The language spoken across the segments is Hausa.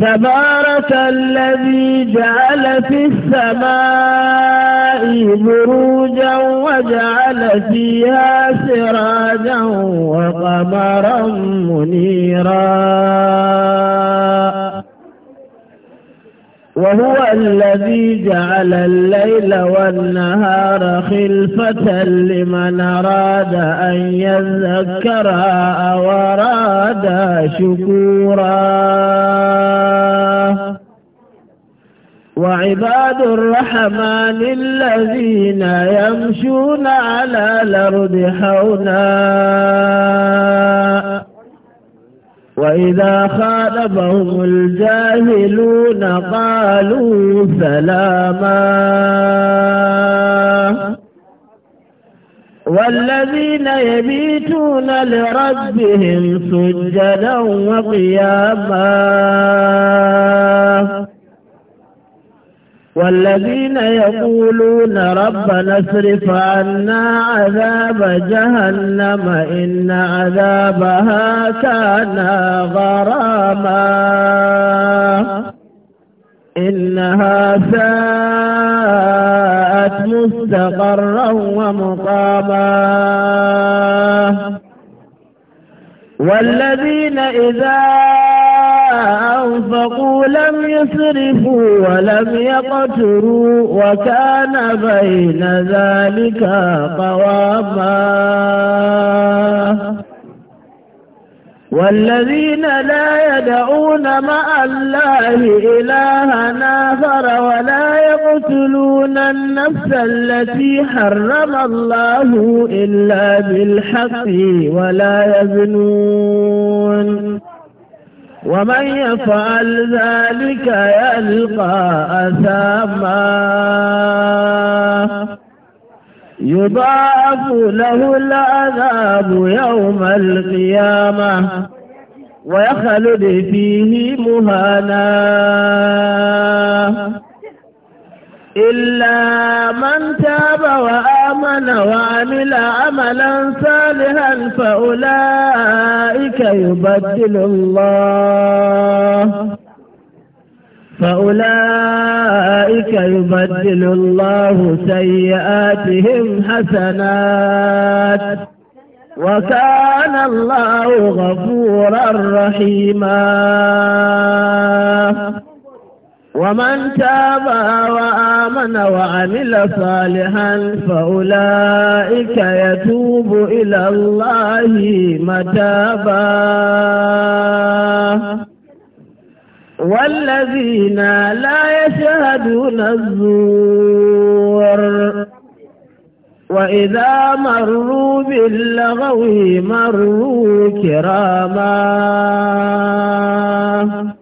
تبارك الذي جعل في السماء بروجا وجعل فيها سراجا وقمرا منيرا وهو الذي جعل الليل والنهار خلفة لمن أراد أن يذكر أو أراد شكورا وعباد الرحمن الذين يمشون على الأرض حونا وإذا خالفهم الجاهلون قالوا سلاما والذين يبيتون لربهم سجدا وقياما والذين يقولون ربنا اصرف عنا عذاب جهنم إن عذابها كان غراما إنها ساءت مستقرا ومقاما والذين إذا أنفقوا لم يسرفوا ولم يقتروا وكان بين ذلك قواما والذين لا يدعون مع الله إلها آخر ولا يقتلون النفس التي حرم الله إلا بالحق ولا يزنون ومن يفعل ذلك يلقى أثاما يضاعف له العذاب يوم القيامة ويخلد فيه مهانا إلا من تاب وآمن وعمل عملا صالحا فأولئك يبدل الله فأولئك يبدل الله سيئاتهم حسنات وكان الله غفورا رحيما ومن تاب وآمن وعمل صالحا فأولئك يتوب إلى الله متابا والذين لا يشهدون الزور وإذا مروا باللغو مروا كراما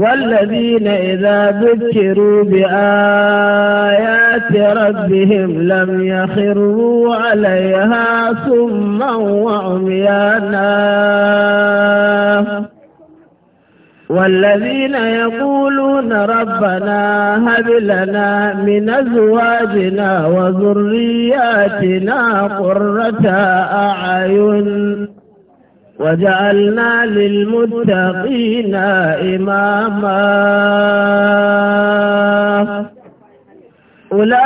والذين إذا ذكروا بآيات ربهم لم يخروا عليها صما وعميانا والذين يقولون ربنا هب لنا من أزواجنا وذرياتنا قرة أعين وجعلنا للمتقين إماما أولئك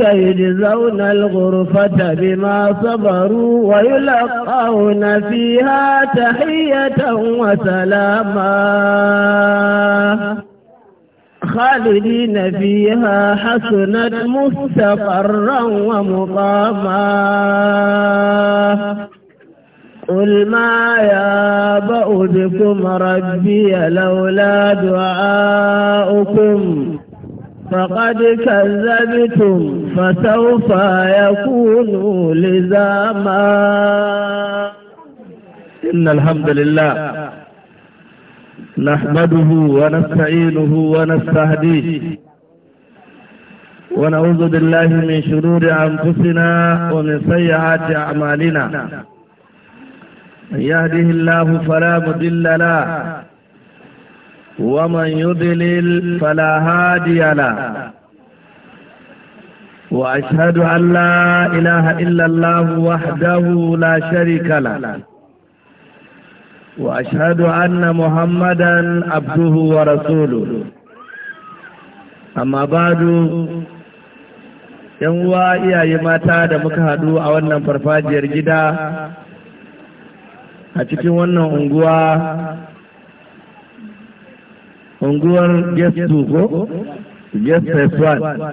يجزون الغرفة بما صبروا ويلقون فيها تحية وسلاما خالدين فيها حسنت مستقرا ومقاما قل ما يابأ بكم ربي لولا دعاؤكم فقد كذبتم فسوف يكون لزاما إن الحمد لله نحمده ونستعينه ونستهديه ونعوذ بالله من شرور أنفسنا ومن سيئات أعمالنا من يهده الله فلا مضل له ومن يضلل فلا هادي له وأشهد أن لا إله إلا الله وحده لا شريك له وأشهد أن محمدا عبده ورسوله أما بعد ينوى uwa iyaye mata مكهدو او ان فرفاجر جدا a cikin wannan unguwa unguwar guest 2 ko guest 1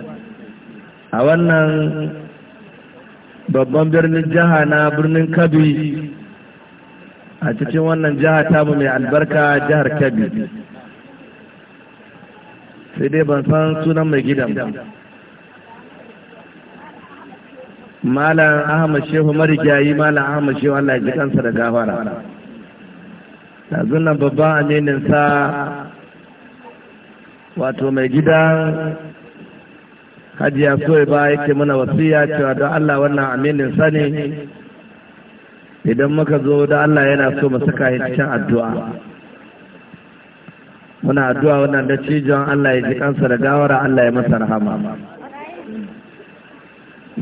a wannan babban birnin jiha na birnin kabi a cikin wannan jiha tamu mai albarka jihar kabi sai dai ban san sunan mai gidan ba malam ahmad shehu marigayi malam ahmad shehu allah ji kansa da gafara yanzu nan babban aminin sa wato mai gidan hajiya soyi ba yake mana wasiya cewa don allah wannan aminin sa ne idan muka zo da allah yana so mu saka shi cikin addu'a muna addu'a wannan da cijon allah ya ji kansa da gawara allah ya masa rahama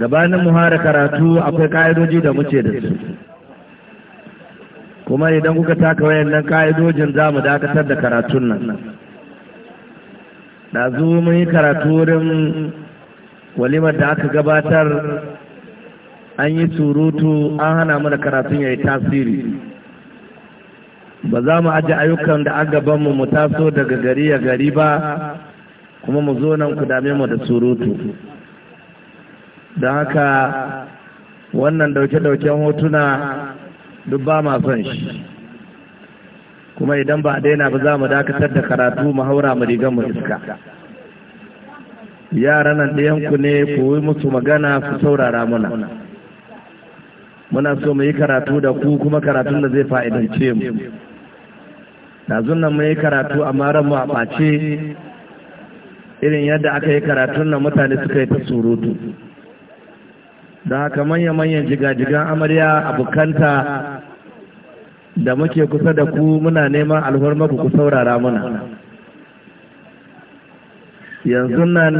gabanin mu hara karatu akwai ka'idoji da muke da su kuma idan kuka taka wayannan ka'idojin za mu dakatar da karatun nan na zo mun yi karatu wurin walimar da aka gabatar an yi surutu an hana mana karatun ya yi tasiri ba za mu aji ayyukan da an gabanmu mu taso daga gari ya gari ba kuma mu zo nan ku dame mu da surutu Da haka wannan dauke-dauken hotuna duk ba ma son shi kuma idan ba daina ba za mu dakatar da karatu mu haura mu rigar mu iska yaran nan ɗayanku ne ku yi musu magana su saurara muna muna so mu yi karatu da ku kuma karatun da zai fa'idance mu yanzu nan mu yi karatu a maran mu a ɓace irin yadda aka yi karatun nan mutane suka yi ta surutu da haka manya-manyan jigajigan amarya a abokanta da muke kusa da ku muna neman alfarmaku ku saurara muna yanzu nan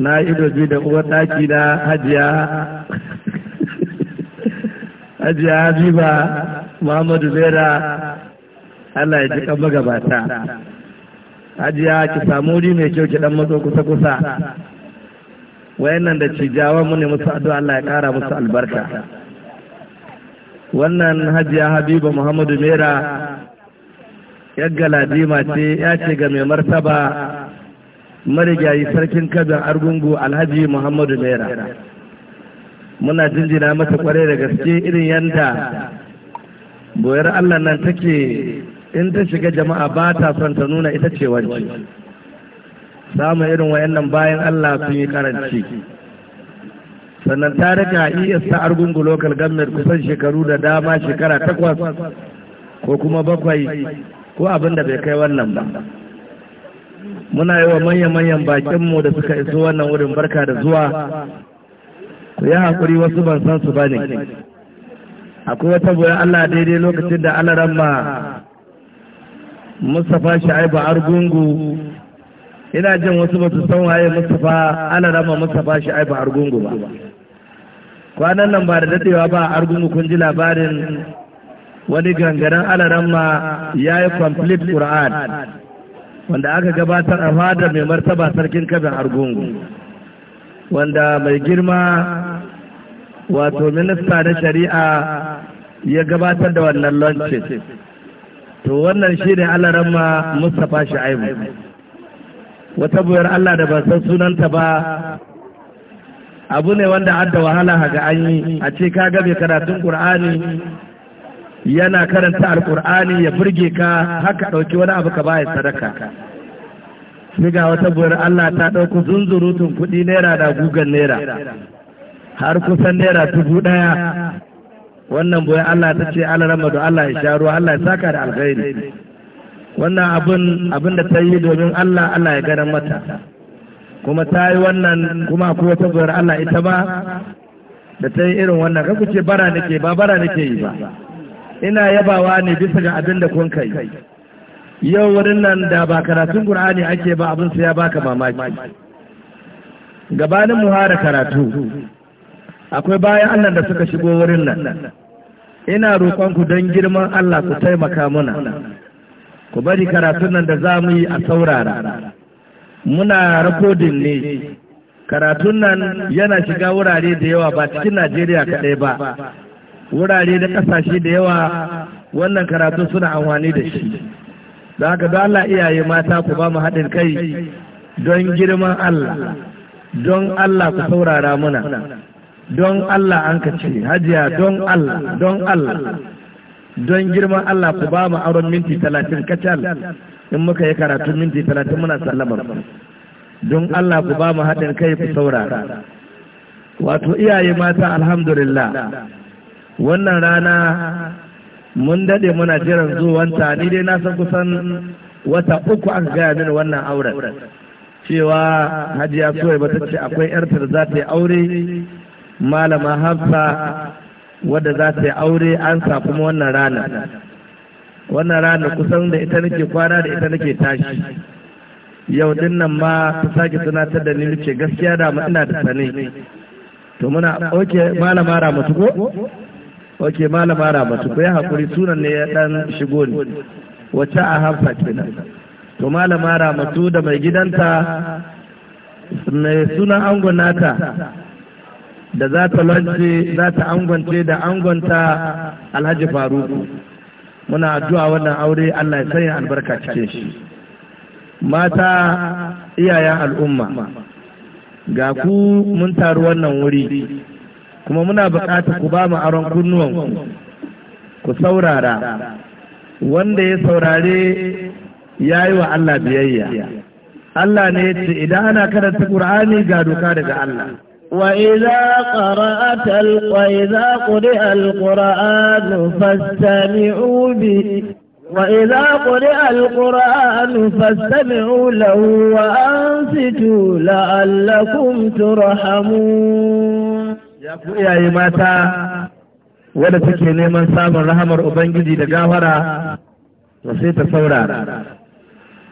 na idoji da uwar ɗaki na hajiya hajiya habiba muhammadu zera allah ya ji kan magabata hajiya ki samu wuri mai kyau ki dan matso kusa-kusa wayannan da cijawa mu ne musu addu'a Allah ya kara musu albarka wannan hajiya habiba muhammadu mera yagga ladima ce ya ce ga mai martaba marigayi sarkin kabin argungu alhaji muhammadu mera muna jinjina mata kwarai da gaske irin yanda boyar allah nan take in ta shiga jama'a ba ta son ta nuna ita ce wanci samu irin wayannan bayan Allah sun yi karanci sannan ta rika iya ta argungu local government kusan shekaru da dama shekara takwas ko kuma bakwai ko abin da bai kai wannan ba muna yi wa manya-manyan bakinmu da suka iso wannan wurin barka da zuwa ku yi haƙuri wasu ban san su ba ne akwai wata buya Allah daidai lokacin da alaramma Mustapha Sha'ibu Argungu ina jin wasu ba su san waye mustapha ana rama mustafa shi ai argungu ba kwanan nan ba da dadewa ba argungu kun ji labarin wani gangaren rama ya yi complete Qur'an wanda aka gabatar a fadar mai martaba sarkin kabin argungu wanda mai girma wato minista na shari'a ya gabatar da wannan lancin to wannan shi ne mustafa shi sha'ibu wata buyar Allah da ba san sunanta ba abu ne wanda an da wahala haga an yi a ce ka gabe karatun Qur'ani yana karanta alƙur'ani ya burge ka haka ɗauki wani abu ka ba ya sadaka sai ga wata buyar Allah ta ɗauku zunzurutun kuɗi naira da gugan naira har kusan naira dubu ɗaya wannan buyar Allah ta ce alarama da Allah ya sha ruwa Allah ya saka da alkhairi wannan abin abin da ta yi domin Allah Allah ya gada mata kuma ta yi wannan kuma ko ta zuwar Allah ita ba da ta yi irin wannan kan ce bara nake ba bara nake yi ba ina yabawa ne bisa ga abin da kun kai yau wurin nan da ba karatun Qur'ani ake ba abin sai ya baka mamaki gabanin mu hara karatu akwai bayan Allah da suka shigo wurin nan ina roƙon ku don girman Allah ku taimaka mana ku bari karatun nan da za mu yi a saurara muna rakodin ne karatun nan yana shiga wurare da yawa ba cikin najeriya kaɗai ba wurare da ƙasashe da yawa wannan karatu suna amfani da shi da haka don allah iyaye mata ku ba mu haɗin kai don girman allah don allah ku saurara muna don allah an ka hajiya don allah don allah don girman Allah ku ba mu auren minti talatin kacal in muka yi karatu minti talatin muna sallamar don Allah ku ba mu haɗin kai ku saurara wato iyaye mata alhamdulillah wannan rana mun daɗe muna jiran zuwanta ni dai na san kusan wata uku aka gaya mini wannan auren cewa hajiya soyi ba ta ce akwai 'yarta da za yi aure malama hafsa wadda za ta yi aure an sa kuma wannan rana wannan rana kusan da ita nake kwana da ita nake tashi yau din nan ma ta sake tunatar da ni ce gaskiya da mu ina da sane to muna oke malama ramatu ko oke malama ramatu ko ya hakuri sunan ne ya dan shigo ne wacce a hamsa kenan to malama ramatu da mai gidanta mai sunan angon nata da za ta lance za ta angonce da angonta alhaji faruku muna addu'a wannan aure allah ya sanya albarka cikin shi mata iyayen al'umma ga ku mun taru wannan wuri kuma muna bukata ku ba mu aron kunnuwanku ku saurara wanda ya saurare ya yi wa Allah biyayya Allah ne ya ce idan ana karanta ƙur'ani ga doka daga Allah وإذا قرأت وإذا قرئ القرآن فاستمعوا به وإذا قرئ القرآن فاستمعوا له وأنصتوا لعلكم ترحمون. يا يا إيماتا ولا تكيني من سام الرحمة أبنجي لجاهرة وسيت الثورة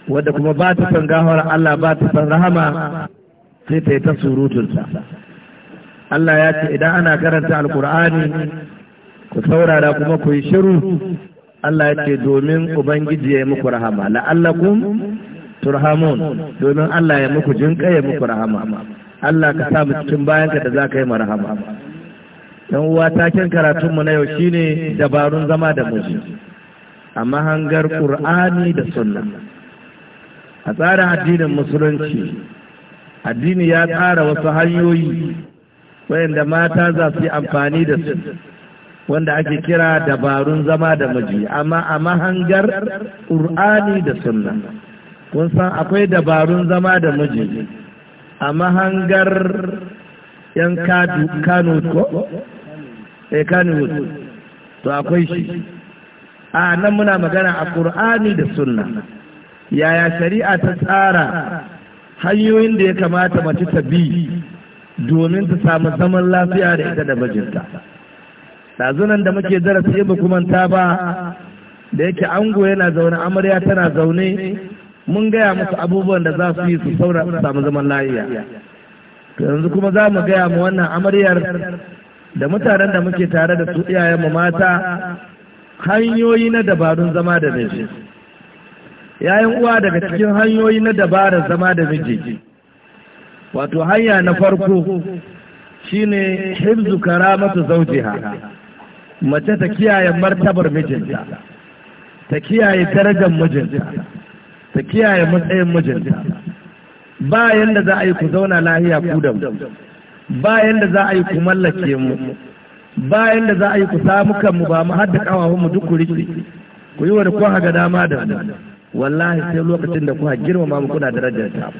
ودكم باتت الجاهرة على باتت الرحمة سيت تسوروت الجاهرة Allah ya ce idan ana karanta alkur'ani ku saurara kuma ku yi shiru Allah ya ce domin ubangiji ya yi muku rahama la'allakum turhamun domin Allah ya muku jinka ya muku rahama Allah ka sa mu cikin bayan ka da za ka yi mu rahama. dan uwa taken mu na yau shine dabarun zama da miji a mahangar qur'ani da sunna a tsarin addinin musulunci addini ya tsara wasu hanyoyi wayanda mata za su yi amfani da su wanda ake kira dabarun zama da miji amma a mahangar ƙur'ani da sunna kun san akwai dabarun zama da miji a mahangar yan kano ko eh kanu to akwai shi a nan muna magana a ƙur'ani da sunna yaya shari'a ta tsara hanyoyin da ya kamata mace ta bi domin ta samu zaman lafiya da ita da bajinta ɗazunan da muke darasi ya ba ta ba da yake ango yana zaune amarya tana zaune mun gaya musu abubuwan da za su yi su saura su samu zaman lafiya To yanzu kuma za mu gaya mu wannan amaryar da mutanen da muke tare da su iyayen mu mata hanyoyi na dabarun zama da miji yayin uwa daga cikin hanyoyi na dabarar zama da miji wato hanya na farko shine hibzu karamatu zaujiha mace ta kiyaye martabar mijinta ta kiyaye darajar mijinta ta kiyaye matsayin mijinta ba yanda za a yi ku zauna lahiya ku da mu ba yanda za a yi ku mallake mu ba yanda za a yi ku samu kanmu ba mu hadda kawahu mu duk ku riki ku yi wani da ku haga dama da mu wallahi sai lokacin da ku ma mu kuna darajar ta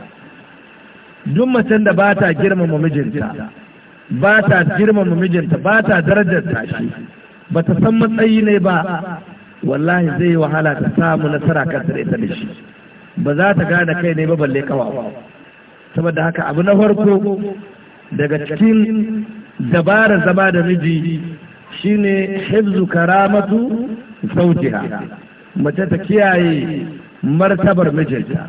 duk macen da ba ta girmama mijinta ba ta girmama mijinta ba ta darajarta shi ba ta san matsayi ne ba wallahi zai yi wahala ta samu nasara kan da ita da shi ba za ta gane kai ne ba balle kawawa saboda haka abu na farko daga cikin dabarar zama da miji shine hifzu karamatu Zaujiha mace ta kiyaye martabar mijinta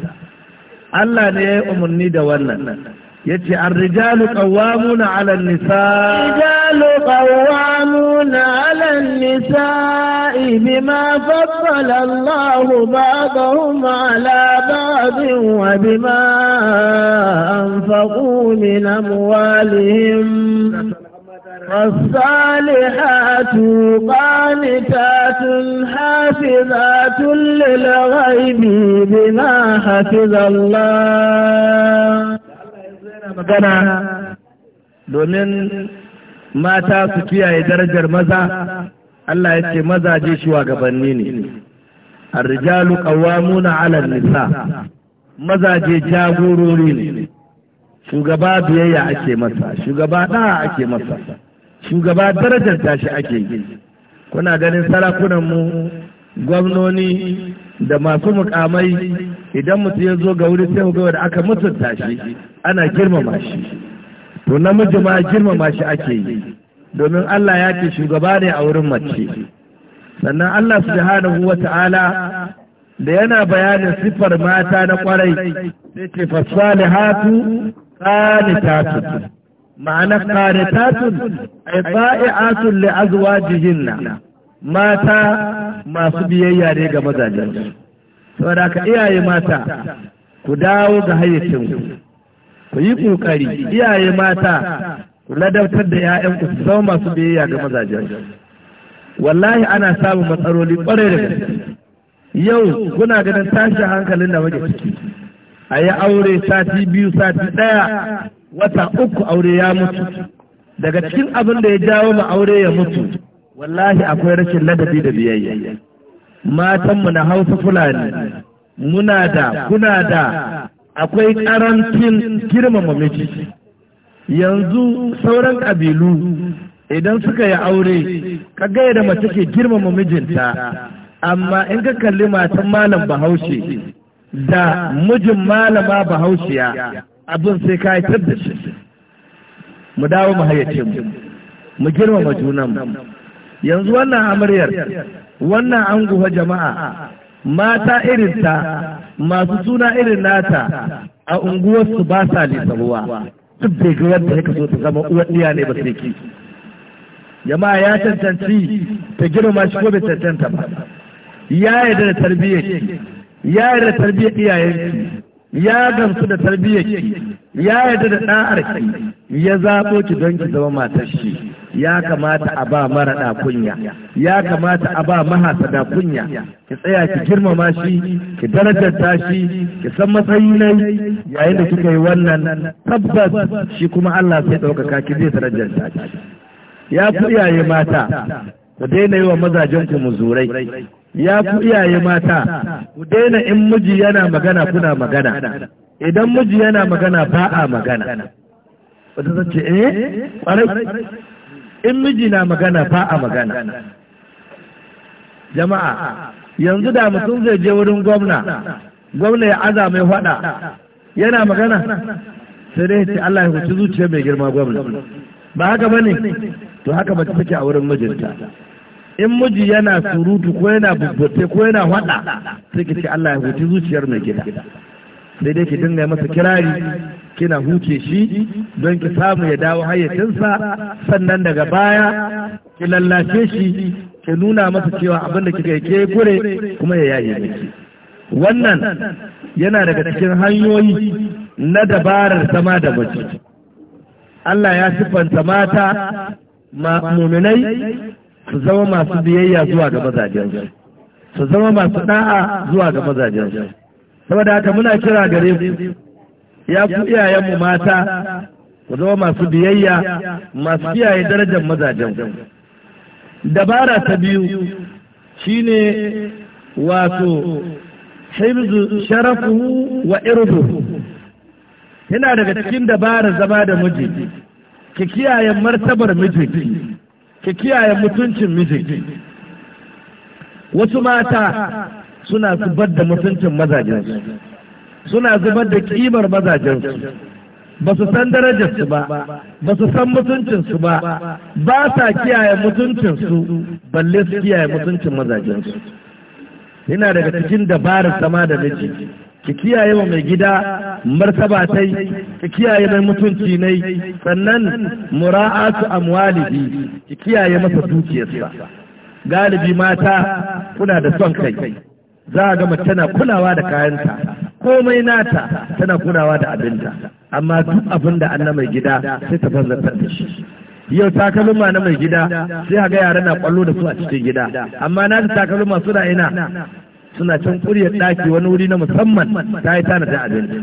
Allah ne ya yi umarni da wannan ya ce an rijalu ƙawamuna ala nisa rijalu ƙawamuna ala nisa ibi ma fassala Allah ba'dahum ala ba'din wa bima anfaqu min amwalihim الصالحات قانتات حافظات للغيب بما حفظ الله magana domin mata su kiyaye darajar maza Allah ya ce mazaje shugabanni ne arrijalu qawwamuna 'ala nisa mazaje jagorori ne shugaba biyayya ake masa shugaba ɗaya ake masa shugaba darajar tashi ake yi kuna ganin sarakunanmu gwamnoni da masu mukamai idan mutu ya zo ga wuri sai ga da aka mutunta shi ana girmama shi to namiji ma girmama shi ake yi domin Allah ya ce shugaba ne a wurin mace sannan Allah su subhanahu wata'ala da yana bayanin siffar mata na kwarai sai ce fasalihatu qanitatun ma'ana qanitatun ay ta'iatun li na. mata masu biyayya ne ga mazajen saboda ka iyaye mata ku dawo ga hayyacinku ku yi ƙoƙari iyaye mata ku ladabtar da 'ya'yanku su zama masu biyayya ga mazajen wallahi ana samun matsaloli kwarai da gaske yau kuna ganin tashin hankalin da muke ciki a yi aure sati biyu sati ɗaya wata uku aure ya mutu daga cikin abin da ya jawo ma aure ya mutu wallahi akwai rashin ladabi da biyayya matanmu na hausa fulani muna da kuna da akwai ƙarancin girmama miji yanzu sauran ƙabilu idan suka yi aure ka gaya da mace ke girmama mijinta amma in ka kalli matan malam bahaushe da mijin malama bahaushiya abin sai ka haifar da shi mu dawo mu hayyace mu mu girmama junan mu yanzu wannan amaryar wannan anguwa jama'a mata irinta masu suna irin nata a unguwarsu ba sa lissabuwa duk da ga yadda ya so ta zama uwar iya ne ba sai ki jama'a ya cancanci ta girma shi ko bai cancanta ba ya yarda da tarbiyyar ki ya yarda da tarbiyyar iyayenki ya gamsu da tarbiyyarki ya yarda da ɗa'arki ya zaɓo ki don ki zama matar shi ya kamata a ba mara kunya ya kamata a ba da kunya ki tsaya ki girmama shi ki darajarta shi ki san matsayi na yayin da kika yi wannan tabbas shi kuma Allah sai ɗaukaka ki zai darajarta ki ya ku iyaye mata ku daina yi wa mazajen ku muzurai ya ku iyaye mata ku daina in miji yana magana kuna magana idan miji yana magana ba a magana wata ta ce eh kwarai in miji na magana ba a magana jama'a yanzu da mutum zai je wurin gwamna gwamna ya aza mai faɗa yana magana sai dai ce Allah ya huci zuciya mai girma gwamna ba haka bane to haka mace take a wurin mijinta in miji yana surutu ko yana bubbote ko yana hada sai ki ce Allah ya huci zuciyar mai gida sai dai ki dinga masa kirari kina huce shi don ki samu ya dawo hayyacinsa sannan daga baya ki lallace shi ki nuna masa cewa abin da kika ke kure kuma ya yaye miki wannan yana daga cikin hanyoyi na dabarar zama da mace Allah ya siffanta mata muminai su zama masu biyayya zuwa ga mazajensu su zama masu da'a zuwa ga mazajensu saboda haka muna kira gare ku ya ku iyayenmu mata ku zama masu biyayya masu kiyaye darajar mazajensu dabara ta biyu shine wato hibzu Sharafu wa Irdu. yana daga cikin dabarar zama da miji ki kiyaye martabar mijinki ki kiyaye mutuncin mijinki wasu mata suna zubar da mutuncin mazajensu suna zubar da kimar mazajensu ba su san darajarsu ba ba su san mutuncinsu ba ba sa kiyaye mutuncinsu balle su kiyaye mutuncin mazajensu yana daga cikin dabarar sama da miji ki kiyaye wa mai gida martaba tai ki kiyaye mai mutunci nai sannan mura'atu amwalihi ki kiyaye masa dukiyarsa galibi mata kuna da son kai za a gama tana kulawa da kayanta komai nata tana kulawa da abinta amma duk abin da anna mai gida sai ta fara da shi yau takalma na mai gida sai ga yara na kwallo da su a cikin gida amma na takalma suna ina suna can kuryar ɗaki wani wuri na musamman ta yi tanadin abinci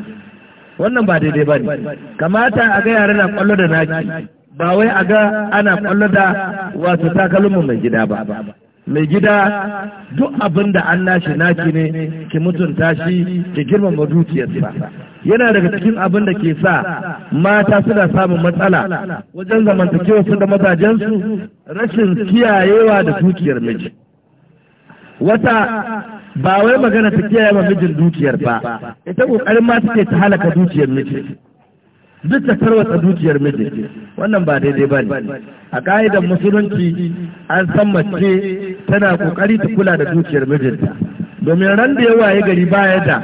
wannan ba daidai ba ne kamata a ga yara na kwallo da naki ba wai a ga ana kwallo da wato takalmin mai gida ba mai gida duk abin da an nashi naki ne ki mutunta shi ki girmama dukiyarsa yana daga cikin abin da ke sa mata suna samun matsala wajen zamantakewa su da mazajensu rashin kiyayewa da dukiyar miji wata ba wai magana ta kiyaye ma mijin dukiyar ba ita kokarin ma take ta halaka dukiyar miji duk ta tarwata dukiyar miji wannan ba daidai ba ne a ka'idar musulunci an san mace tana kokari ta kula da dukiyar mijinta domin ran da yawa ya gari baya da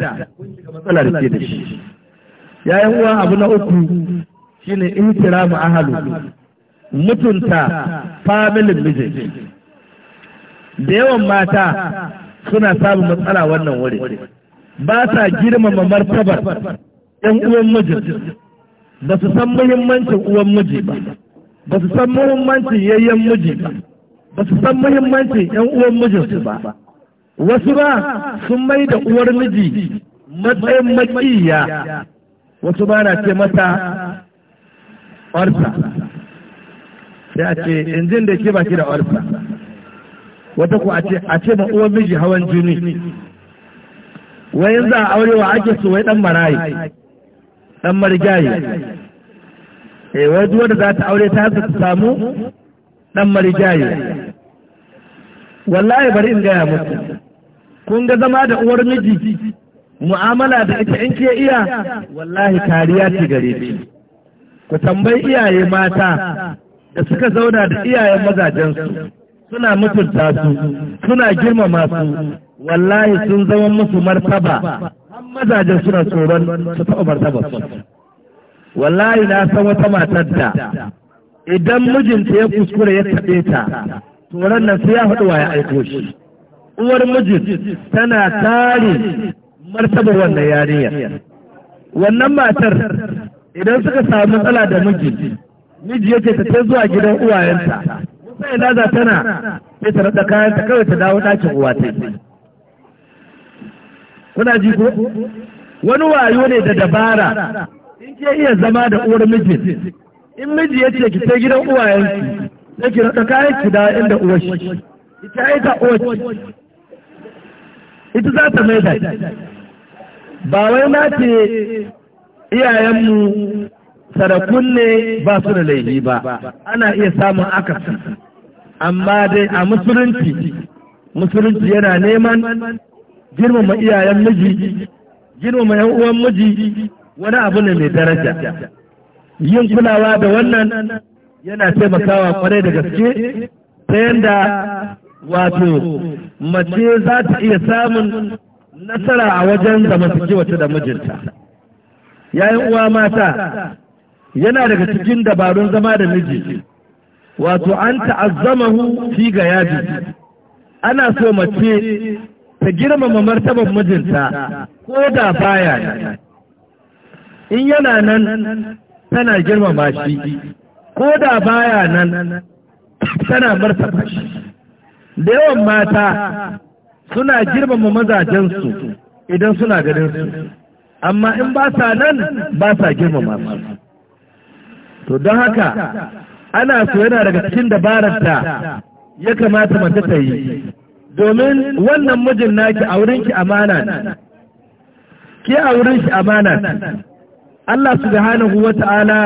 matsalar ke da shi yayin uwa abu na uku shine mu ahalu mutunta familin miji da yawan mata suna samun matsala wannan wuri ba sa girmama martabar ɗan uwan mijin ba su san muhimmancin uwan miji ba ba su san muhimmancin yayyen miji ba ba su san muhimmancin 'yan uwan mijinsu ba wasu ba sun mai da uwar miji matsayin makiya wasu ba na ce mata orsa sai a ce injin da ke baki da orsa wata ku a ce ma uwan miji hawan jini wayan za a wa ake so wai dan marayi dan marigayi eh wai duk wanda za ta aure ta su ta samu dan marigayi wallahi bari in gaya muku kun ga zama da uwar miji mu'amala da ita in ke iya wallahi kariya ce gare ki ku tambayi iyaye mata da suka zauna da iyayen mazajensu suna mutunta su suna girmama su wallahi sun zama musu martaba an mazajen suna tsoron su taɓa martaba su wallahi na san wata matar da idan mijinta ya kuskure ya taɓe ta tsoron nan sai ya haɗu wa ya aiko shi uwar mijin tana tare martabar wannan yarinyar wannan matar idan suka samu matsala da miji miji yake ta zuwa gidan uwayenta sai lada tana sai ta rada kayan ta kawai ta dawo ɗakin uwa ta kuna ji ko wani wayo ne da dabara in ke iya zama da uwar mijin in miji ya ce ki sai gidan ki sai ki rada kayan ki da inda uwar shi ita ta uwar ita za ta mai da ba wai na ce iyayenmu sarakun ne ba su da laifi ba ana iya samun akasin amma dai a musulunci musulunci yana neman girmama iyayen miji girmama yan uwan miji wani abu ne mai daraja yin kulawa da wannan yana taimakawa kwarai da gaske ta yadda wato mace za ta iya samun nasara a wajen zamantakewata da mijinta yayin uwa mata yana daga cikin dabarun zama da miji wato an ta'azzamahu fi ga yaji ana so mace ta girmama martaban mijinta ko da baya in yana nan tana girmama shi ko da baya nan tana martaba shi da yawan mata suna girmama mazajensu idan suna ganin su amma in ba sa nan ba sa girmama su to don haka ana so yana daga cikin dabarar ya kamata mace ta yi domin wannan mijin naki a wurin ki amana ki a wurin shi amana Allah subhanahu wata'ala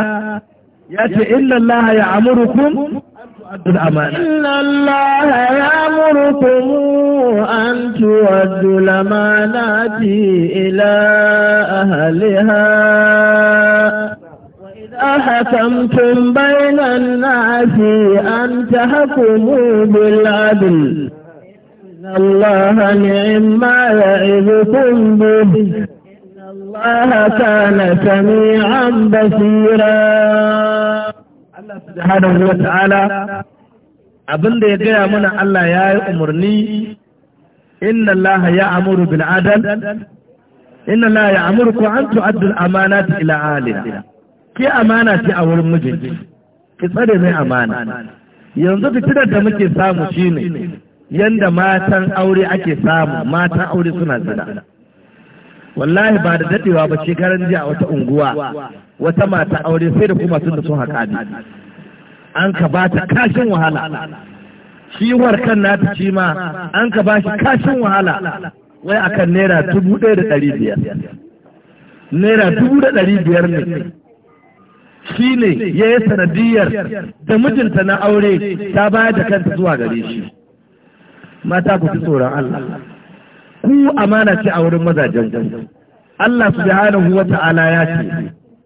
ya ce inna Allah ya amurukum الأمانة إن الله يأمركم أن تودوا الأمانات ila أهلها أحكمتم بين الناس أن تحكموا بالعدل إن الله نعم ما يعظكم به إن الله كان سميعا بصيرا Allah subhanahu ta'ala abin ya gaya mana Allah ya yi umarni inna Allah ya amuru bil adal inna Allah ya amuru ku an tu'addu al ila ahliha ke amana ce a wurin mijinki ki tsare mai amana yanzu fitinar da muke samu shine yanda matan aure ake samu matan aure suna tsada. wallahi ba da dadewa ba shekaran jiya wata unguwa wata mata aure sai da kuma sun da sun haka ne an ka ba ta kashin wahala shi na ta ci ma an ka ba shi kashin wahala wai akan naira dubu ɗaya da ɗari biyar naira dubu da ɗari biyar ne shi ne ya yi sanadiyar da mijinta na aure ta bayar da kanta zuwa gare shi mata ku fi tsoron Allah ku amana ce a wurin mazajen ku Allah subhanahu wa ta'ala ya ce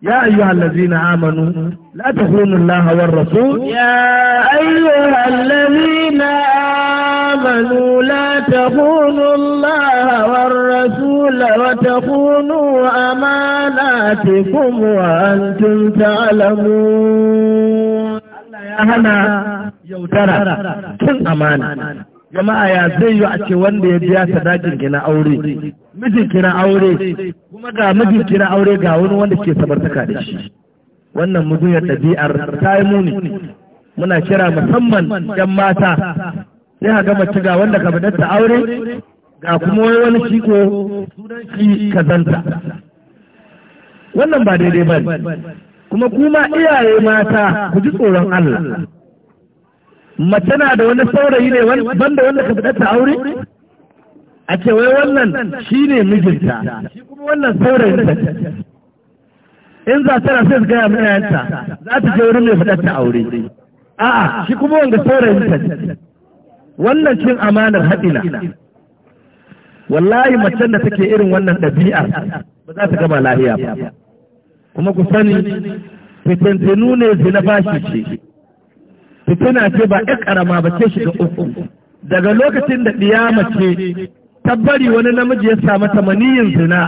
ya أيها allazina amanu la tahunu Allah war rasul ya الذين allazina آمنوا لا تخونوا الله والرسول وتخونوا أماناتكم وأنتم تعلمون الله يا هنا يوترى كن أمانة jama'a ya zai yi a ce wanda ya biya sadakin ki na aure mijin ki aure kuma ga mijin ki aure ga wani wanda ke sabartaka da shi wannan mugunyar ɗabi'ar ta yi muni muna kira musamman 'yan mata sai a gama ci ga wanda ka ta aure ga kuma wani shi ko shi kazanta wannan ba daidai ba kuma kuma iyaye mata ku ji tsoron Allah mace na da wani saurayi ne banda wanda ka ta aure a ce wai wannan shi ne mijinta shi kuma wannan saurayin ta in za ta sai su gaya mai yayanta za ta je wurin mai fitar ta aure a'a shi kuma wanga ta wannan cin amanar haɗina wallahi macen da take irin wannan ɗabi'a ba za ta gama lahiya ba kuma ku sani fitintinu ne zina bashi ce fitina ce ba ya ƙarama ba ce shiga uku daga lokacin da ɗiya mace tabbari wani namiji ya samu tamaniyin zina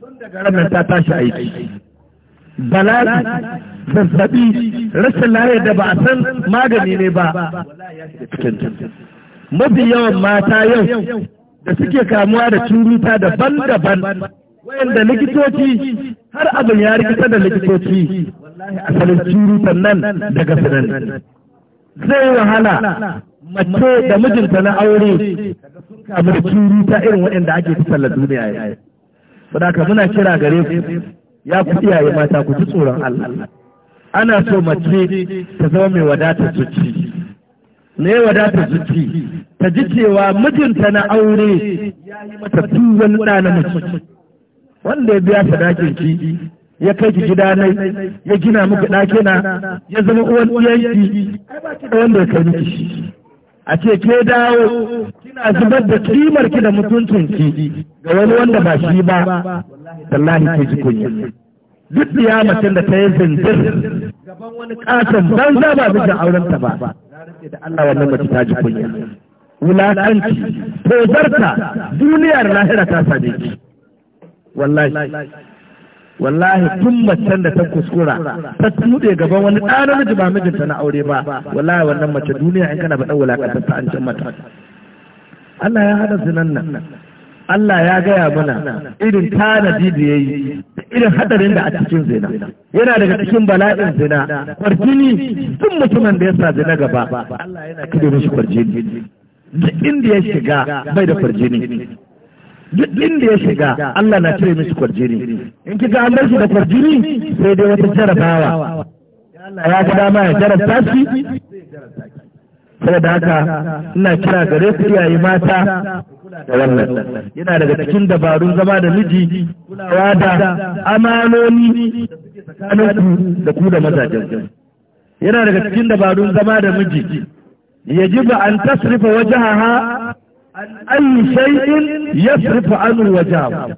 tun daga ranar ta tashi aiki bala'i zazzabi rashin lahiyar da ba a san magani ne ba ya shiga cikin mafi yawan mata yau da suke kamuwa da curuta daban-daban wanda likitoci har abin ya rikita da likitoci asalin curutan nan daga sanar zai wahala mace da mijinta na aure kamu da irin waɗanda ake fi sallar duniya ya ka muna kira gare ku ya ku iyaye mata ku ji tsoron Allah ana so mace ta zama mai wadatar su ne wadatar zuci ta ji cewa mijinta na aure ya yi mata wani ɗa na mace wanda ya biya sadakin ki ya kai ki gida nai ya gina muku ɗakina ya zama uwan iyayenki ai ba ki da wanda ya kai miki shi a ce ke dawo kina zubar da kimar ki da mutuncin ki ga wani wanda ba shi ba wallahi ke ji kunya duk mace da ta yi zindir gaban wani katon banza ba bisa aurenta ba da Allah wannan mace ta ji kunya wulakanci tozarta duniyar lahira ta same ki wallahi wallahi tun macen da ta kuskura ta tude gaban wani ɗan namiji mijinta na aure ba wallahi wannan mace duniya in kana ba ɗan wulakantar ta an cin mata Allah ya hada zinan nan Allah ya gaya mana irin tanadi da ya yi irin hadarin da a cikin zina yana daga cikin bala'in zina kwarjini duk mutumin da ya sa zina gaba Allah yana kide mishi kwarjini duk inda ya shiga bai da kwarjini duk inda ya shiga Allah na cire mishi kwarjini in kika an bar shi da kwarjini sai dai wata jarabawa Allah ya ga dama ya jarabta shi saboda haka ina kira gare ku iyaye mata da wannan yana daga cikin dabarun zama da miji kulawa da amanoni tsakanin da ku da mazajen yana daga cikin dabarun zama da miji yajibu an tasrifa wajaha an ayi shay'in yasrifa an wajaha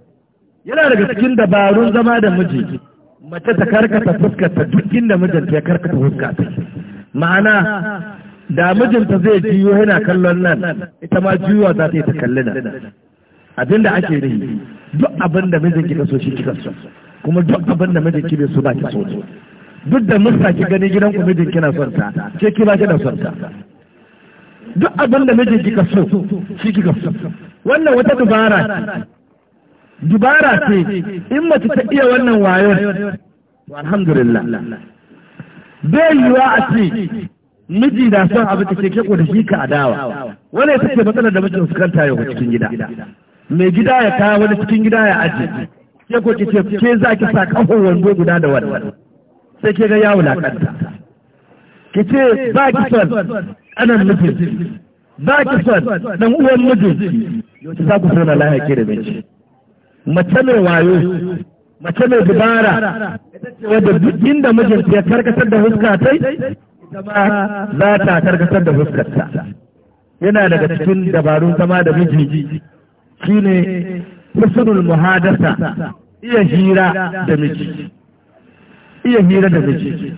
yana daga cikin dabarun zama da miji mace ta karkata fuskarta duk inda mijinta ya karkata fuskarta ma'ana da mijinta zai jiyo yana kallon nan ita ma jiyowa za ta yi ta kalli nan abin da ake yi duk abin da mijin kika so shi kika so kuma duk abin da mijin kika so ba ki so duk da musa ki gani gidan ku mijin kina son ta ke ki ba ki da son ta duk abin da mijin kika so shi kika so wannan wata dubara ce dubara ce in mace ta iya wannan wayon alhamdulillah bai yiwa a ce miji na son abin da ke keko da shi ka adawa wani ya take matsalar da mutum fuskanta ya cikin gida mai gida ya kawo wani cikin gida ya aje ke ko ke ke za ki sa kafin wando guda da wani sai ke ga yawo lakanta ki ce ba ki son anan mijin ba ki son dan uwan mijin ki za ku zauna lahiya ke da miji mace mai wayo mace mai dubara wadda duk inda mijinta ya karkatar da huska tai zama za ta karkatar da fuskarta yana daga cikin dabarun zama da miji shine husnul muhadasa iya hira da miji iya hira da miji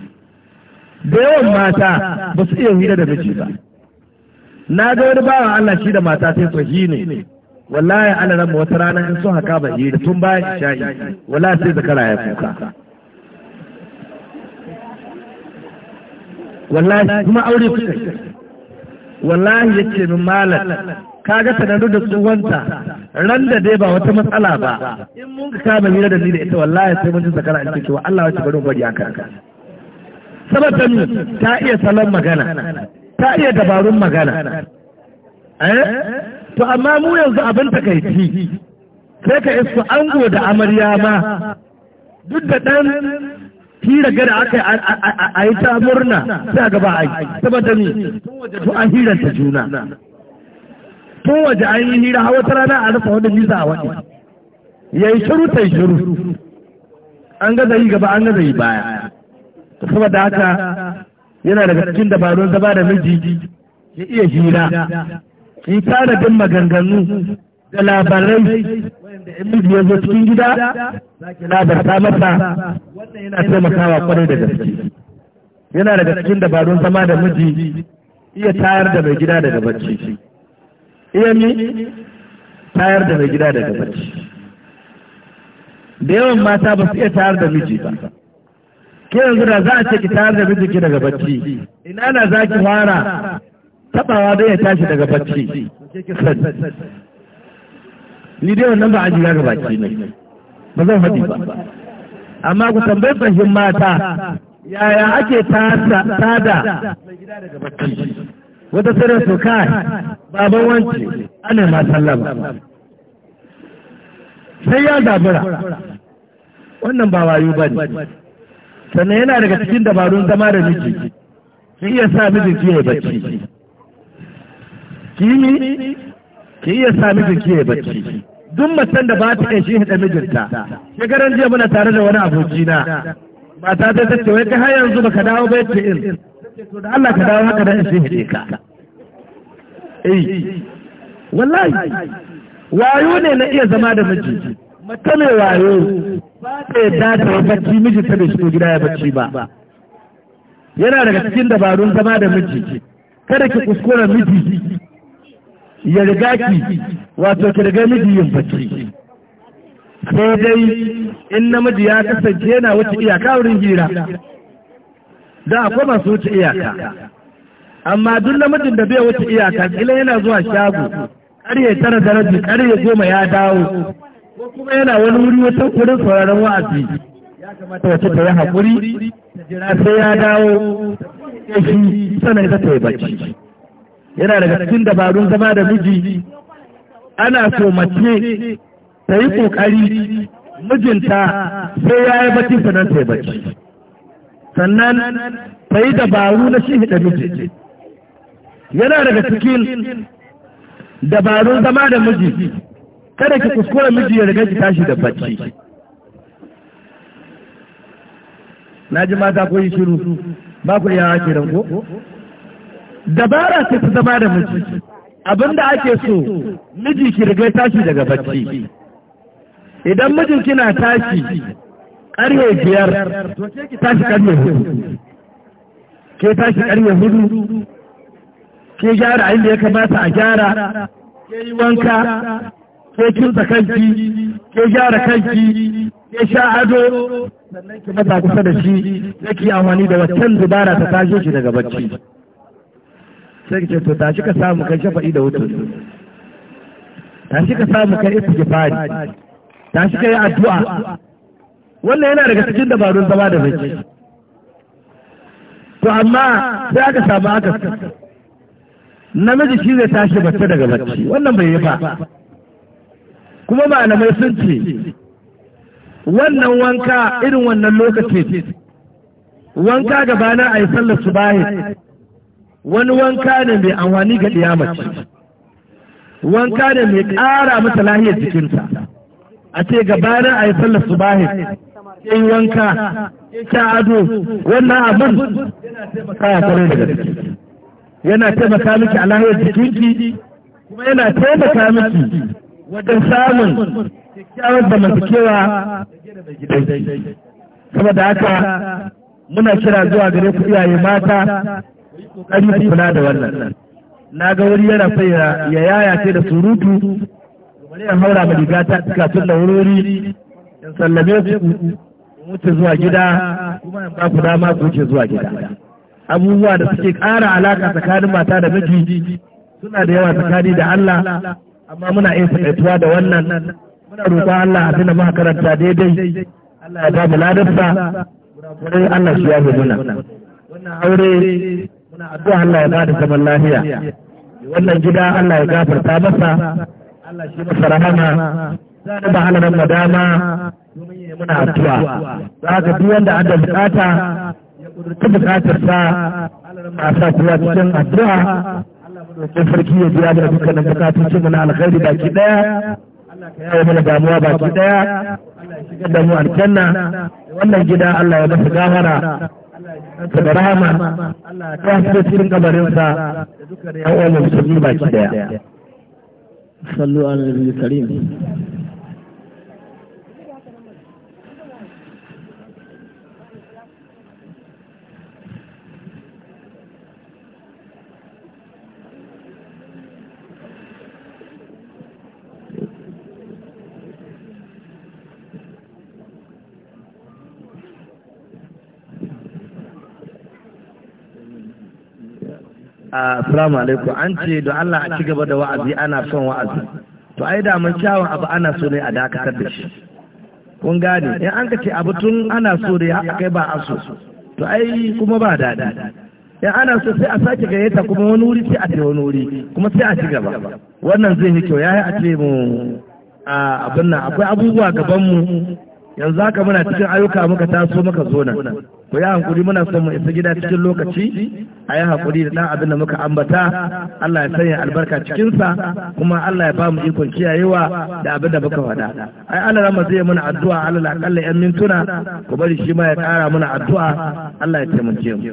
da yawan mata ba su iya hira da miji ba na ga wani bawa Allah shi da mata sai su ne wallahi ana ran wata rana in sun haka ba hira tun bayan isha'i wallahi sai zakara ya kuka wallahi kuma aure kuka wallahi ya ce min malam ga sanarru da tsohonta ran da dai ba wata matsala ba in mun ka kama hira da ni da ita wallahi sai mun ji sakara an cewa Allah wace barin bari aka aka saboda ni ta iya salon magana ta iya dabarun magana eh to amma mu yanzu abin takaici sai ka isko ango da amarya ma duk da dan hira gada aka a yi ta murna sai gaba a yi saboda ni to a hiranta juna to waje an yi hira hawa ta rana a rasa wani nisa a wani ya yi shiru ta yi shiru an gaza yi gaba an gaza yi baya saboda haka yana daga cikin dabarun zama da miji ya iya hira yi din maganganu da labarai wanda miji ya zo cikin gida za ki labarta masa yana taimakawa kwarai da gaske yana daga cikin dabarun zama da miji iya tayar da mai gida daga bacci iya mi tayar da mai gida daga bacci da yawan mata ba su iya tayar da miji ba ke yanzu da za a ce ki tayar da miji ki daga bacci ina na za ki fara tabawa don ya tashi daga bacci ni dai wannan ba a jiya ga baki ne ba zan faɗi ba amma ku tambayi tsahin mata yaya ake tada wata tsirin su kai baban wanci ana ma sallama sai ya zabura wannan ba wayo ba ne sannan yana daga cikin dabarun zama da miji ki iya sa mijinki ya bacci ki yi ki iya sa mijinki ya bacci duk matan da ba ta iya shi hada mijinta garan jiya muna tare da wani abokina ba ta tace wai kai har yanzu baka dawo ba yace in to da Allah ka dawo haka da shi hade ka eh wallahi wayo ne na iya zama da miji mata mai wayo ba ta yadda ta bacci miji ta bai shigo gida ya bacci ba yana daga cikin dabarun zama da miji kada ki kuskura miji ya ki wato ki miji yin bacci sai dai in namiji ya kasance yana wuce iyaka wurin hira da akwai masu wuce iyaka amma duk namijin da bai wuce iyaka kila yana zuwa shago karye tara da rabi karye goma ya dawo ko kuma yana wani wuri wata kurin sauraron wa'azi ya kamata ta yi haƙuri ta jira sai ya dawo ya shi sannan ta yi bacci yana daga cikin dabarun zama da miji ana so mace ta yi ƙoƙari mijinta sai ya yi bacci sannan ta yi bacci sannan ta yi dabaru na shi da miji yana daga cikin dabarun zama da miji kada ki kuskura miji ya riga ki tashi da bacci na ji mata ko yi shiru ba ku iya kiran ko dabara ce ta zama da miji abinda ake so miji ki riga tashi daga bacci idan mijin kina tashi karye biyar tashi karye hudu ke tashi karye hudu ke gyara inda ya kamata a gyara ke yi wanka ke kinsa kanki ke gyara kanki ke sha ado sannan ki mata kusa da shi yake amfani da waccan dubara ta tashe shi daga bacci sai ka ce to tashi ka samu kai shafa'i da wutar tashi ka samu kai istighfari tashi ka yi addu'a wannan yana daga cikin dabarun zama da zaki to amma sai aka samu aka namiji shi zai tashi bacci daga bacci wannan bai yi ba kuma malamai sun ce wannan wanka irin wannan lokacin wanka gabana a yi sallar su bayan wani wanka ne mai amfani ga ɗiyamaci wanka ne mai ƙara mata lahiyar jikinta a ce gabanin a yi sallar su bahi yi wanka ta ado wannan abin kaya kwarai da yana taimaka miki a lahiyar jikinki kuma yana taimaka miki wajen samun kyakkyawar zamantakewa saboda haka muna kira zuwa gare ku iyaye mata ƙoƙari kula da wannan na ga wuri yana sai ya yaya ce da surutu wani ya haura ma riga ta tun da wurori in sallame su wuce zuwa gida kuma in ba ku dama ku wuce zuwa gida abubuwa da suke ƙara alaƙa tsakanin mata da miji suna da yawa tsakani da Allah amma muna iya fahimtuwa da wannan muna roƙon Allah a tuna muka karanta daidai Allah ya ba mu ladarsa wurin Allah shi ya muna wannan aure addu'a Allah ya bada zaman lafiya wannan gida Allah ya gafarta masa Allah shi masa rahama zai ba madama domin ya muna addu'a za ka duk wanda an da bukata ya kudurta bukatar sa a sa kuwa cikin addu'a Allah sarki ya biya da dukkanin bukatun cikin na alkhairi baki daya Allah ka yawo mana damuwa baki daya Allah ya shigar da mu aljanna wannan gida Allah ya masa gafara da rahama Allah ta fito cikin kabarin sa da musulmi baki daya sallu karim assalamu alaikum an ce don Allah a ci gaba da wa'azi ana son wa'azi to ai da mun kyawun abu ana so ne a dakatar da shi kun gane in an ka ce abu tun ana so da ya kai ba a so to ai kuma ba daɗi in ana so sai a sake gayyata kuma wani wuri sai a ce wani wuri kuma sai a ci gaba wannan zai yi kyau yayi a ce mu a abin nan akwai abubuwa gaban mu yanzu haka muna cikin ayyuka muka taso muka zo nan ku yi hankuri muna son mu isa gida cikin lokaci a yi hankuri da ɗan abin da muka ambata Allah ya sanya albarka cikinsa kuma Allah ya ba mu ikon kiyayewa da abin da muka faɗa ai Allah rama zai muna addu'a Allah kalla yan mintuna ku bari shi ma ya ƙara muna addu'a Allah ya taimake mu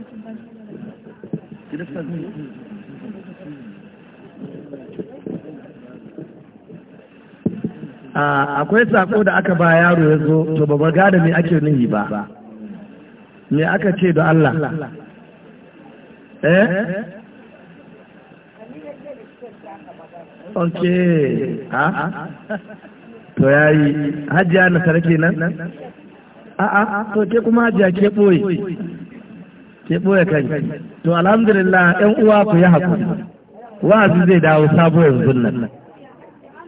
akwai sako da aka ba yaro ya zo to ba ga da me ake nihi ba me aka ce da Allah eh ok ha to yayi hajjiya na sarki nan a'a to ke kuma hajjiya ke boye ke ɓoye kai to alhamdulillah yan uwa ku yi hakuri wa'azi zai dawo sabuwar yanzu nan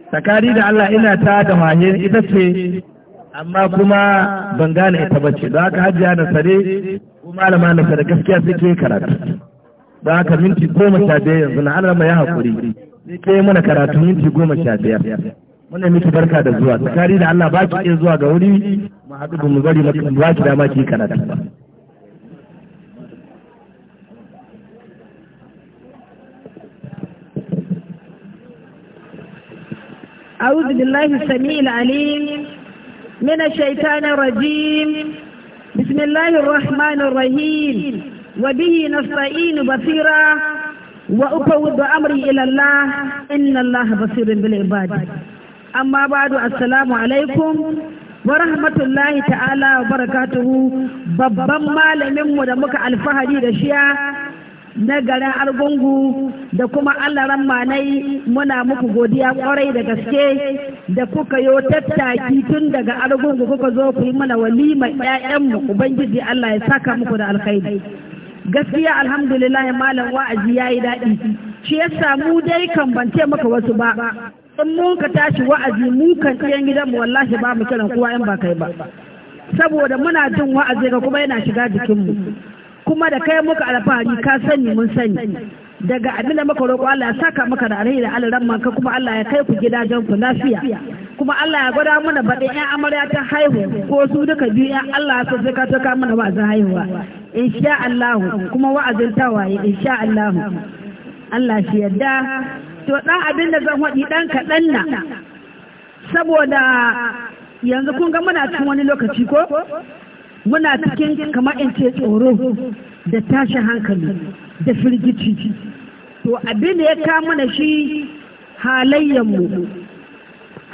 tsakani da Allah ina ta da mahin ita ce amma kuma ban gane ita ce don haka hajjiya na sare ko malama na sare gaskiya ke karatu don haka minti goma sha biyar yanzu na Allah mai haƙuri. sai ke mana karatu minti goma sha biyar muna miki barka da zuwa tsakani da Allah ba ki iya zuwa ga wuri mu haɗu mu bari ba ki dama ki karatu ba أعوذ بالله السميع العليم من الشيطان الرجيم بسم الله الرحمن الرحيم وبه نستعين بصيرا وأفوض أمري إلى الله إن الله بصير بالعباد أما بعد السلام عليكم wa rahmatullahi ta'ala wa barakatuhu babban malaminmu da muka alfahari da shiya na garin argungu da kuma Allah manai muna muku godiya kwarai da gaske da kuka yo tattaki tun daga argungu kuka zo ku yi mana walima ƴaƴanmu ubangiji Allah ya saka muku da alkhairi gaskiya alhamdulillah malam wa'azi yayi daɗi shi yasa mu dai kan bance maka wasu ba in mun ka tashi wa'azi mu kan gidan gidanmu wallahi ba mu kiran kowa in ba kai ba saboda muna jin wa'azi ga kuma yana shiga jikinmu kuma da kai muka alfahari ka sani mun sani daga abin da maka roƙo Allah ya saka maka da alheri da alaran manka kuma Allah ya kai ku gidajen ku lafiya kuma Allah ya gwada mana baɗin ƴan amarya ta haihu ko su duka biyu ƴan Allah ya sai ka taka mana wa'azin haihuwa insha Allah kuma wa'azin tawaye insha Allah Allah shi yadda to dan abin da zan waɗi dan kaɗan na saboda yanzu kun ga muna cikin wani lokaci ko muna cikin kamar in ce tsoro da tashi hankali da firgici to abin da ya kama da shi halayyanmu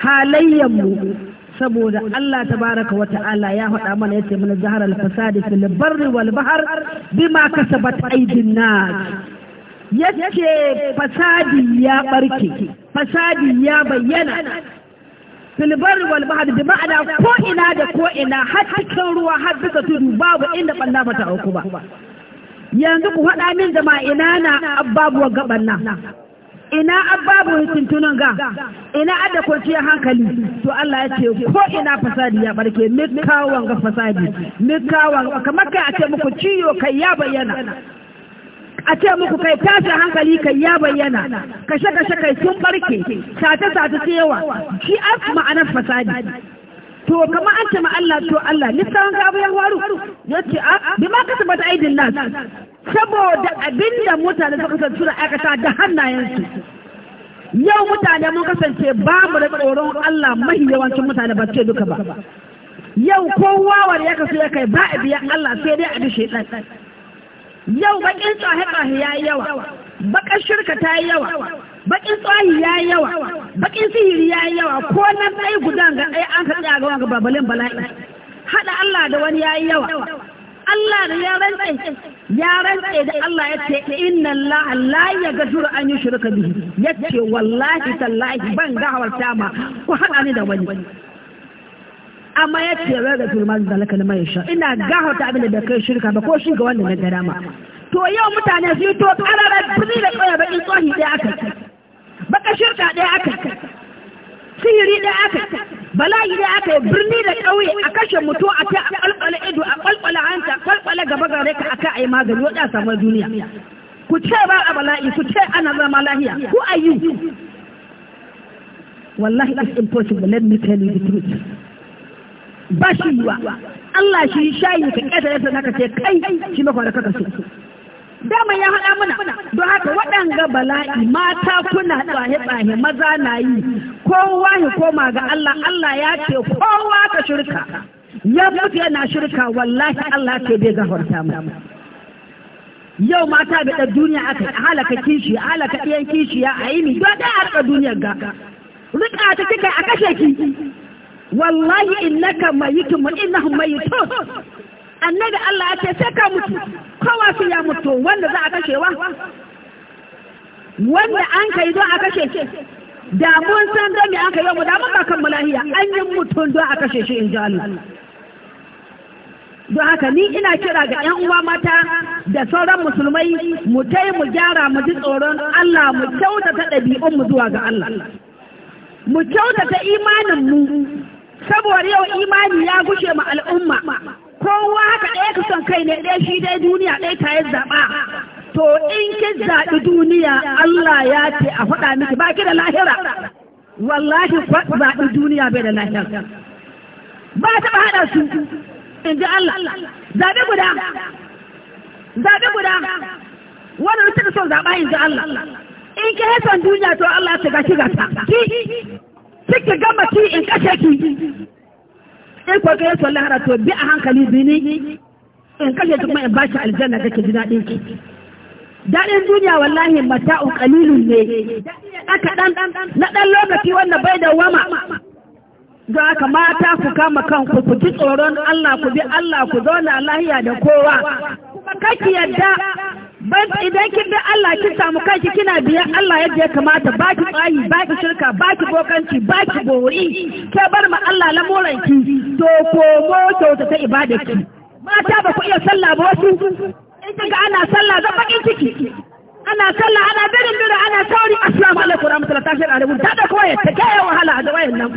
halayyanmu saboda Allah tabaraka wa ta'ala ya faɗa mana yace mana zahara al-fasadi fil barri wal bahr bima kasabat aydin nas yace fasadi ya barke fasadi ya bayyana wal walbahar bi ma'ana ko ina da ko ina har cikin ruwa har bisa tudu babu inda ɓanna bata auku ba yanzu ku haɗa min da ina na ababuwa gaban nan ina ababu tuntunan ga ina ada kwanciyar hankali to Allah ya ce ko ina fasadi ya barke mikawan ga fasadi mikawan kamar kai a ce muku ciyo kai ya bayyana a ce muku kai tashin hankali kai ya bayyana kashe kashe kai sun barke sata sata ta yawa shi a ma'anar fasadi to kamar an ce ma Allah to Allah littafin gabayan waru Ya ce a ah, bi ma kasa bata aidin nas saboda abinda mutane suka san suna aikata da hannayensu yau mutane mun kasance ba mu da tsoron Allah mahi yawancin mutane ba ce duka ba yau kowa wanda ya kasu ya kai ba a biya Allah sai dai a bi shaitan yau bakin tsahe ya yi yawa bakin shirka ta yi yawa bakin tsahi ya yi yawa bakin sihiri ya yi yawa ko na ɗaya gudan ga ɗaya an ka tsaya ga babalin bala'i haɗa Allah da wani ya yi yawa Allah da ya rantse ya rantse da Allah ya ce inna Allah la yaghfiru an biyu bihi yace wallahi tallahi ban ga gawarta ma ku haɗa ni da wani amma ya ce wa ga zulma da zalaka na mai sha ina gafarta abin da bai kai shirka ba ko shi ga wanda na gada ma to yau mutane su yi to kararar birni da tsaya bakin tsohi ɗaya aka ci baka shirka ɗaya aka ci sihiri ɗaya aka ce bala'i ɗaya aka yi birni da ƙauye a kashe mutu a ta ƙwalƙwale ido a ƙwalƙwale hanta ƙwalƙwale gaba gare ka aka a yi magani wadda samun duniya ku ce ba a bala'i ku ce ana zama lahiya ku ayi wallahi it's impossible let me tell you the truth ba shi yiwa Allah shi shayi ka kesa yasa zaka ce kai shi maka da kaka so dama ya haɗa muna don haka waɗanga bala'i mata kuna tsahe-tsahe maza na yi kowa ya koma ga Allah Allah ya ce kowa ka shirka ya mutu yana shirka wallahi Allah ke bai gafarta mu yau mata da ɗan duniya aka halaka kishi halaka ɗiyan kishi ya aini don ɗaya a duniya ga rika ta kika a kashe ki wallahi innaka mayitun wa innahum mayitun annabi Allah ya ce sai ka mutu kowa su ya mutu wanda za a kashewa wanda an kai don a kashe da mun san don me an kai mu da mun ba kan mulahiya an yi mutu don a kashe shi in ji Allah don haka ni ina kira ga 'yan uwa mata da sauran musulmai mu tai mu gyara mu ji tsoron Allah mu kyautata ɗabi'un mu zuwa ga Allah mu kyautata imanin mu saboda yau imani ya gushe ma al'umma kowa haka ɗaya ka son kai ne ɗaya shi dai duniya ɗaya ta yi zaɓa to in ki zaɓi duniya Allah ya ce a faɗa miki ba ki da lahira wallahi zaɓi duniya bai da lahira ba ta ba haɗa su in ji Allah zaɓi guda zaɓi guda wani rutsa son zaɓa in ji Allah in ki son duniya to Allah ya shiga shiga ta kika gama ki in kashe ki in ko ga to lahara to bi a hankali ni in kashe ki kuma in ba shi aljanna kake ji dadin ki dadin duniya wallahi mata'u qalilun ne aka dan na dan lokaci wanda bai da wama don haka mata ku kama kanku ku ci tsoron Allah ku bi Allah ku zauna lahiya da kowa kuma kake yadda bas idan kin da Allah kin samu kanki kina biyan Allah yadda ya kamata ba ki tsayi ba ki shirka ba ki bokanci ba ki bori ke bar ma Allah ki to komo kyauta ta ibadarki mata ba ku iya sallah ba wasu in kika ana sallah zan bakin ciki ana sallah ana birin birin ana sauri assalamu alaikum rahmatullahi ta shirya ta da koyar ta kai wahala a gaban nan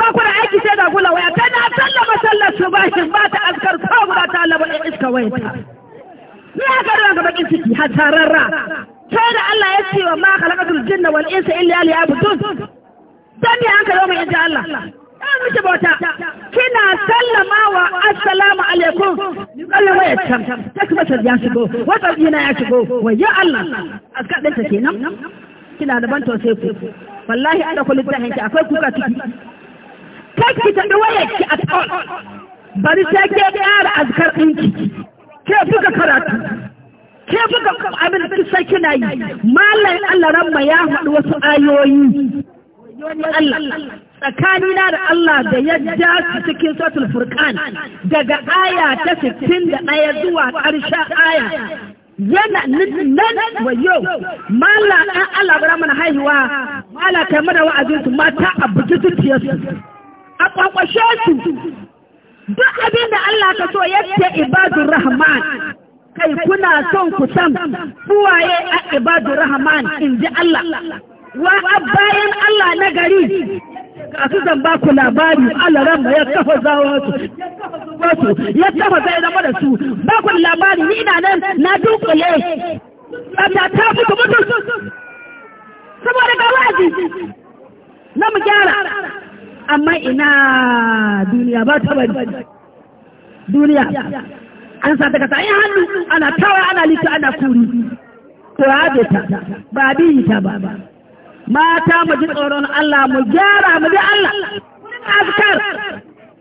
ba ku da aiki sai da gula waya tana sallah ba sallar su ba shi ba ta azkar ko guda ta labar iska waya ta ya faru ga bakin ciki tararra sai da Allah ya ce wa ma khalaqatul jinna wal insa illa liya'budun dan ya an kawo mai inda Allah an miki bauta kina sallama wa assalamu alaikum ya tam tak takbatar ya shigo wata dina ya shigo ya Allah aska dinta kenan kina da ban sai ku wallahi ana kullu tahin ki akwai kuka ciki kai ki ta waya ki at all bari sai ke ƙara azkar ɗinki ke buga karatu ke buga abin da kisa kina yi mallan Allah ramma ya haɗu wasu ayoyi Allah tsakanina da Allah da ya ja su cikin sautul furqan daga aya ta 61 zuwa ƙarshen aya yana nan wayo mala an Allah bara mana haihuwa mala kai mana wa'azin su mata a bugi zuciyarsu a kwakwashe su duk abin da Allah ka so yake ibadur rahman kai kuna son ku san suwaye a ibadur rahman inji Allah wa bayan Allah na gari kasu zan ba ku labari alaran ya kafa zawa su wato ya kafa zai zama da su ba ku labari ni ina nan na dunkule ta ta mutu mutu saboda ga na mu gyara amma ina duniya ba ta bari duniya an sa daga tsayin hannu ana tawa ana lita ana kuri to ya ta ba bi ta ba mata mu ji tsoron Allah mu gyara mu ji Allah azkar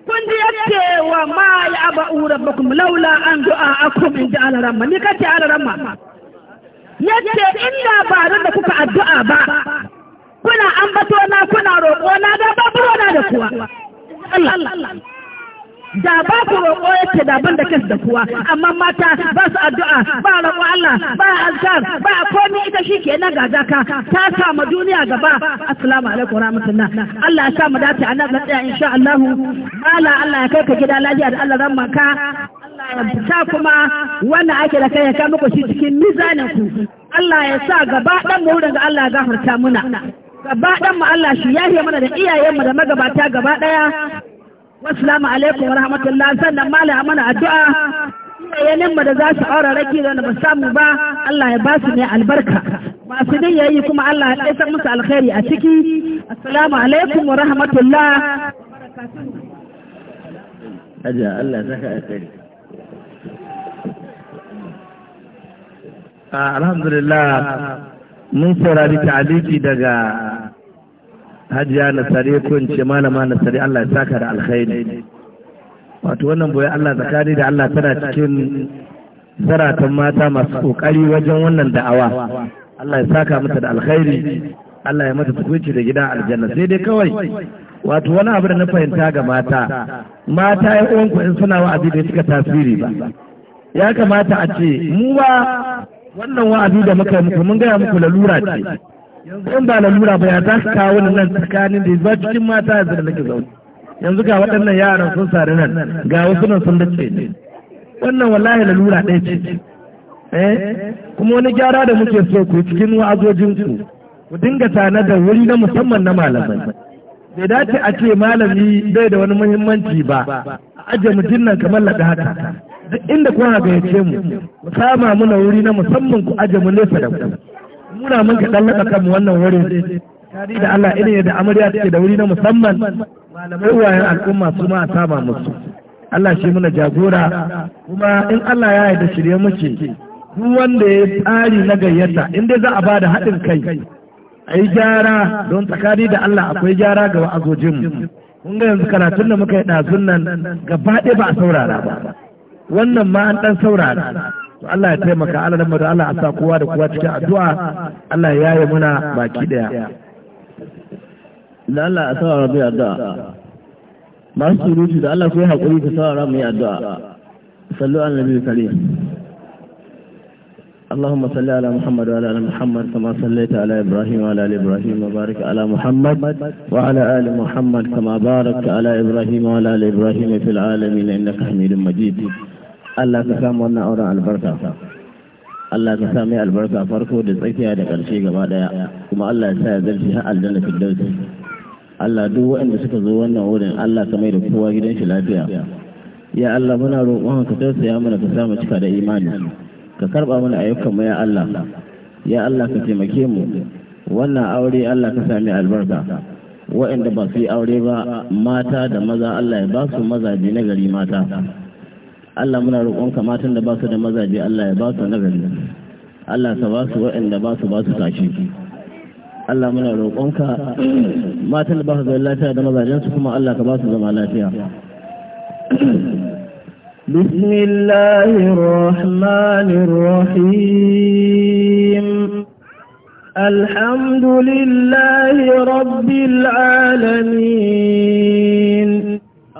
kun ji yake wa ma ya aba'u rabbakum laula an du'a akum in ji ramma ni kace ramma yake inda ba da kuka addu'a ba kuna ambato na kuna roƙo na da babu na da kuwa Allah da ba ku roƙo yake da ban da kansu da kuwa amma mata ba su addu'a ba roƙo Allah ba azkar ba komai ita shi ke nan gaza ka ta samu duniya gaba assalamu alaikum rahmatullah Allah ya sa mu dace a nan zan tsaya insha Allah mala Allah ya kai ka gida lafiya da Allah zan maka sa kuma wannan ake da kai ya kai muku shi cikin mizanin ku Allah ya sa gaba ɗan mu wurin ga Allah ya gafarta muna gaba ɗan Allah shi yahe mana da iyayenmu da magabata gaba ɗaya wassalamu alaikum wa rahmatullah sannan malaya mana addu'a iyayenin ma da za su aura raki da ba samu ba Allah ya ba su ne albarka masu din yayi kuma Allah ya san musu alkhairi a ciki assalamu alaikum wa rahmatullah Aja Allah saka alkhairi ah, Alhamdulillah mun saurari ta daga hajiya na tsari ko in ce malama tsari Allah ya saka da alkhairi wato wannan boye Allah zakari da Allah tana cikin zaratan mata masu kokari wajen wannan da'awa Allah ya saka mata da alkhairi Allah ya mata tukunci da gida aljanna sai dai kawai wato wani abu da na fahimta ga mata mata ya uwanku in suna wa'azi da suka tasiri ba ya kamata a ce mu ba wannan wa'azi da muka yi muku mun gaya muku lalura ce in ba lalura ba ya za su kawo nan tsakanin da ba cikin mata yanzu da nake zaune yanzu ga waɗannan yaran sun sari nan ga wasu nan sun dace wannan wallahi lalura ɗaya ce eh, kuma wani gyara da muke so ku cikin wa'azojinku ku dinga tana da wuri na musamman na malamai bai dace a ce malami bai da wani muhimmanci ba a ajiye mutum nan kamar laɗa haka duk inda kuna gayyace mu ku sama muna wuri na musamman ku ajiye mu nesa da ku muna mun ka dallaka kan wannan wurin da Allah irin yadda amarya take da wuri na musamman malamai uwayen al'umma su ma saba musu Allah shi muna jagora kuma in Allah ya yarda shirye muke duk wanda ya tsari na gayyata in dai za a bada haɗin kai a yi gyara don tsakani da Allah akwai gyara ga wa'azojinmu kun ga yanzu karatun da muka yi ɗazun nan gaba ɗaya ba a saurara ba wannan ma an ɗan saurara to Allah ya taimaka Allah dan da Allah a sa kowa da kowa cikin addu'a Allah ya yaye muna baki daya da Allah a sa rabbi addu'a masu surutu da Allah ku yi haƙuri ku sa rabbi addu'a sallu ala nabi karim اللهم صل على محمد وعلى ال محمد كما صليت على ابراهيم وعلى ال ابراهيم وبارك على محمد وعلى ال محمد كما باركت على ابراهيم وعلى ال ابراهيم في العالمين انك حميد مجيد Allah ka samu wannan auren albarka Allah ka sami albarka farko da tsakiya da ƙarshe gaba ɗaya kuma Allah ya sa ya zarce har aljanna firdausi Allah duk waɗanda suka zo wannan wurin Allah ka mai da kowa gidan shi lafiya ya Allah muna roƙon ka tausaya mana ka samu cika da imani ka karɓa mana ayyukan mu ya Allah ya Allah ka taimake mu wannan aure Allah ka sami albarka waɗanda ba su yi aure ba mata da maza Allah ya ba su mazaje na gari mata Allah muna roƙonka matan da ba su da mazaje Allah ya ba su nagari Allah ka ba su waɗanda ba su ba su tashi Allah muna roƙonka matan da ba su zama lafiya da mazajensu kuma Allah ka ba su zama lafiya بسم الله الرحمن الرحيم الحمد لله رب العالمين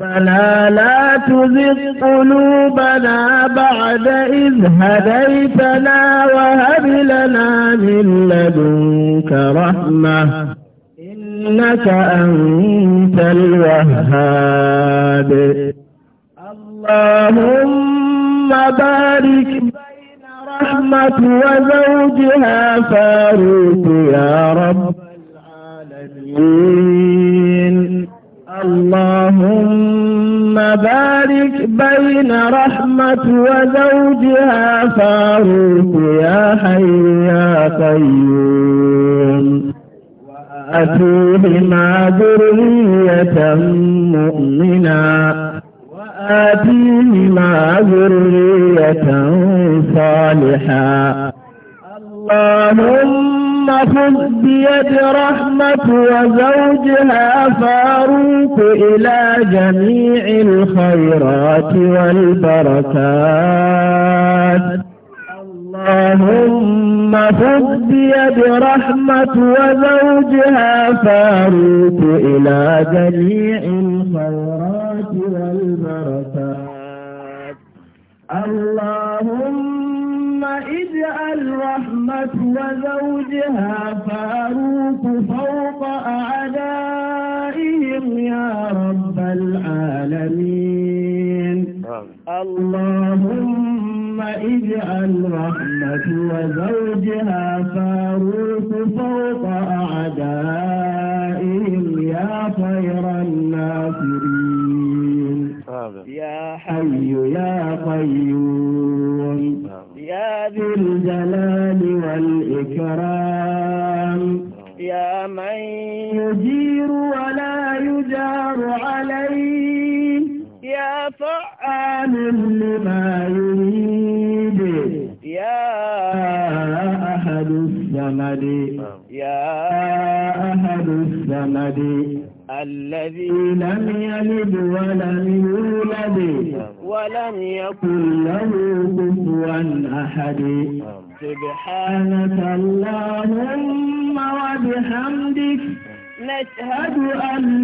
ربنا لا تزغ قلوبنا بعد إذ هديتنا وهب لنا من لدنك رحمة إنك أنت الوهاب اللهم بارك بين رحمة وزوجها فاروق يا رب العالمين اللهم بارك بين رحمة وزوجها فاروق يا حي يا قيوم وآتيهما ذرية مؤمنا وآتيهما ذرية صالحا اللهم ثم خذ بيد رحمة وزوجها فاروق إلى جميع الخيرات والبركات اللهم خذ بيد رحمة وزوجها فاروق إلى جميع الخيرات والبركات اللهم ثم اجعل رحمة وزوجها فاروق فوق أعدائهم يا رب العالمين نعم. اللهم اجعل رحمة وزوجها فاروق فوق أعدائهم يا خير الناصرين يا حي يا قيوم سبحانك اللهم وبحمدك نشهد أن